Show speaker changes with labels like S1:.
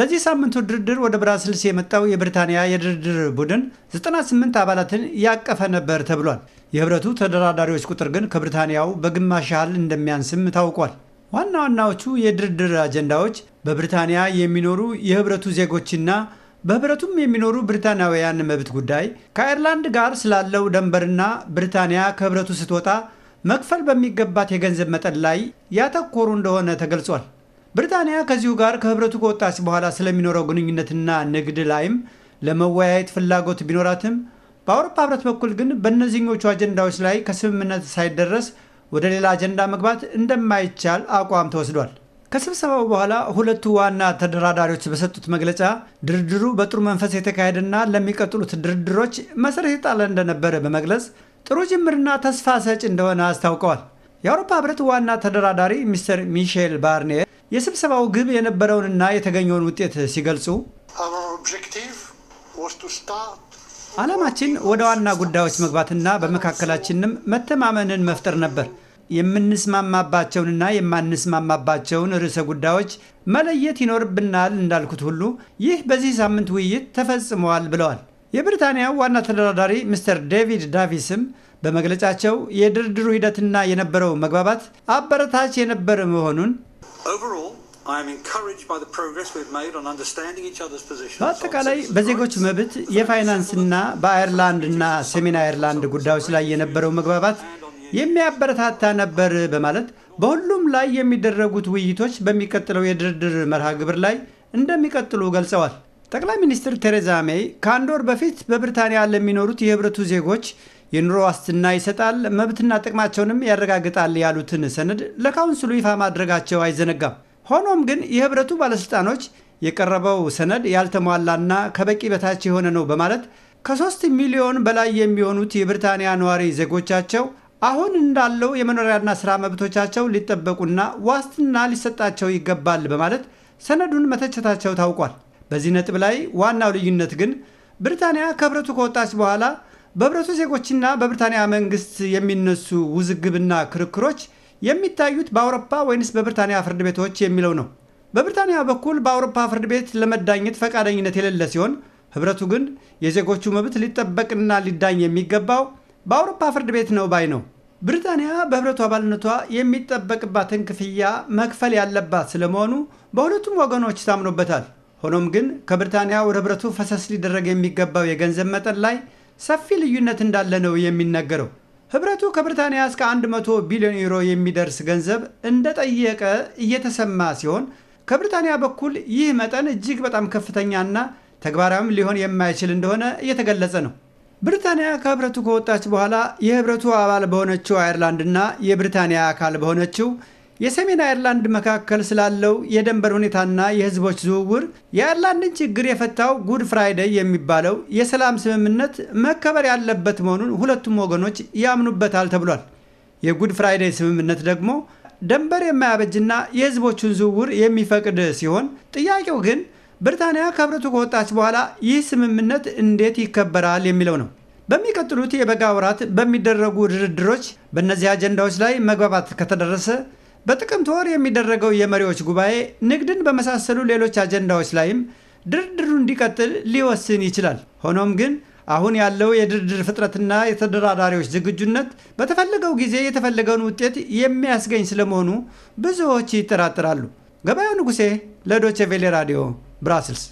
S1: ለዚህ ሳምንቱ ድርድር ወደ ብራስልስ የመጣው የብሪታንያ የድርድር ቡድን 98 አባላትን ያቀፈ ነበር ተብሏል። የህብረቱ ተደራዳሪዎች ቁጥር ግን ከብሪታንያው በግማሽ ያህል እንደሚያንስም ታውቋል። ዋና ዋናዎቹ የድርድር አጀንዳዎች በብሪታንያ የሚኖሩ የህብረቱ ዜጎችና በህብረቱም የሚኖሩ ብሪታንያውያን መብት ጉዳይ፣ ከአይርላንድ ጋር ስላለው ደንበርና ብሪታንያ ከህብረቱ ስትወጣ መክፈል በሚገባት የገንዘብ መጠን ላይ ያተኮሩ እንደሆነ ተገልጿል። ብሪታንያ ከዚሁ ጋር ከህብረቱ ከወጣች በኋላ ስለሚኖረው ግንኙነትና ንግድ ላይም ለመወያየት ፍላጎት ቢኖራትም በአውሮፓ ህብረት በኩል ግን በእነዚህኞቹ አጀንዳዎች ላይ ከስምምነት ሳይደረስ ወደ ሌላ አጀንዳ መግባት እንደማይቻል አቋም ተወስዷል። ከስብሰባው በኋላ ሁለቱ ዋና ተደራዳሪዎች በሰጡት መግለጫ ድርድሩ በጥሩ መንፈስ የተካሄደና ለሚቀጥሉት ድርድሮች መሰረት የጣለ እንደነበረ በመግለጽ ጥሩ ጅምርና ተስፋ ሰጭ እንደሆነ አስታውቀዋል። የአውሮፓ ህብረት ዋና ተደራዳሪ ሚስተር ሚሼል ባርኔ የስብሰባው ግብ የነበረውንና የተገኘውን ውጤት ሲገልጹ ዓላማችን ወደ ዋና ጉዳዮች መግባትና በመካከላችንም መተማመንን መፍጠር ነበር። የምንስማማባቸውንና የማንስማማባቸውን ርዕሰ ጉዳዮች መለየት ይኖርብናል። እንዳልኩት ሁሉ ይህ በዚህ ሳምንት ውይይት ተፈጽመዋል ብለዋል። የብሪታንያው ዋና ተደራዳሪ ሚስተር ዴቪድ ዳቪስም በመግለጫቸው የድርድሩ ሂደትና የነበረው መግባባት አበረታች የነበረ መሆኑን Overall, በአጠቃላይ በዜጎች መብት የፋይናንስና በአይርላንድና ሰሜን አይርላንድ ጉዳዮች ላይ የነበረው መግባባት የሚያበረታታ ነበር በማለት በሁሉም ላይ የሚደረጉት ውይይቶች በሚቀጥለው የድርድር መርሃ ግብር ላይ እንደሚቀጥሉ ገልጸዋል። ጠቅላይ ሚኒስትር ቴሬዛ ሜይ ከአንድ ወር በፊት በብሪታንያ ለሚኖሩት የህብረቱ ዜጎች የኑሮ ዋስትና ይሰጣል፣ መብትና ጥቅማቸውንም ያረጋግጣል ያሉትን ሰነድ ለካውንስሉ ይፋ ማድረጋቸው አይዘነጋም። ሆኖም ግን የህብረቱ ባለሥልጣኖች የቀረበው ሰነድ ያልተሟላና ከበቂ በታች የሆነ ነው በማለት ከሶስት ሚሊዮን በላይ የሚሆኑት የብሪታንያ ነዋሪ ዜጎቻቸው አሁን እንዳለው የመኖሪያና ስራ መብቶቻቸው ሊጠበቁና ዋስትና ሊሰጣቸው ይገባል በማለት ሰነዱን መተቸታቸው ታውቋል። በዚህ ነጥብ ላይ ዋናው ልዩነት ግን ብሪታንያ ከህብረቱ ከወጣች በኋላ በህብረቱ ዜጎችና በብሪታንያ መንግስት የሚነሱ ውዝግብና ክርክሮች የሚታዩት በአውሮፓ ወይንስ በብሪታንያ ፍርድ ቤቶች የሚለው ነው። በብሪታንያ በኩል በአውሮፓ ፍርድ ቤት ለመዳኘት ፈቃደኝነት የሌለ ሲሆን ህብረቱ ግን የዜጎቹ መብት ሊጠበቅና ሊዳኝ የሚገባው በአውሮፓ ፍርድ ቤት ነው ባይ ነው። ብሪታንያ በህብረቱ አባልነቷ የሚጠበቅባትን ክፍያ መክፈል ያለባት ስለመሆኑ በሁለቱም ወገኖች ታምኖበታል። ሆኖም ግን ከብሪታንያ ወደ ህብረቱ ፈሰስ ሊደረግ የሚገባው የገንዘብ መጠን ላይ ሰፊ ልዩነት እንዳለ ነው የሚነገረው። ህብረቱ ከብሪታንያ እስከ 100 ቢሊዮን ዩሮ የሚደርስ ገንዘብ እንደጠየቀ እየተሰማ ሲሆን ከብሪታንያ በኩል ይህ መጠን እጅግ በጣም ከፍተኛና ተግባራዊም ሊሆን የማይችል እንደሆነ እየተገለጸ ነው። ብሪታንያ ከህብረቱ ከወጣች በኋላ የህብረቱ አባል በሆነችው አይርላንድና የብሪታንያ አካል በሆነችው የሰሜን አይርላንድ መካከል ስላለው የደንበር ሁኔታና የህዝቦች ዝውውር የአይርላንድን ችግር የፈታው ጉድ ፍራይደይ የሚባለው የሰላም ስምምነት መከበር ያለበት መሆኑን ሁለቱም ወገኖች ያምኑበታል ተብሏል። የጉድ ፍራይደይ ስምምነት ደግሞ ደንበር የማያበጅና የህዝቦቹን ዝውውር የሚፈቅድ ሲሆን ጥያቄው ግን ብሪታንያ ከህብረቱ ከወጣች በኋላ ይህ ስምምነት እንዴት ይከበራል የሚለው ነው። በሚቀጥሉት የበጋ ወራት በሚደረጉ ድርድሮች በእነዚህ አጀንዳዎች ላይ መግባባት ከተደረሰ በጥቅምት ወር የሚደረገው የመሪዎች ጉባኤ ንግድን በመሳሰሉ ሌሎች አጀንዳዎች ላይም ድርድሩ እንዲቀጥል ሊወስን ይችላል። ሆኖም ግን አሁን ያለው የድርድር ፍጥረትና የተደራዳሪዎች ዝግጁነት በተፈለገው ጊዜ የተፈለገውን ውጤት የሚያስገኝ ስለመሆኑ ብዙዎች ይጠራጥራሉ። ገበያው ንጉሴ ለዶቼ ቬሌ ራዲዮ ብራስልስ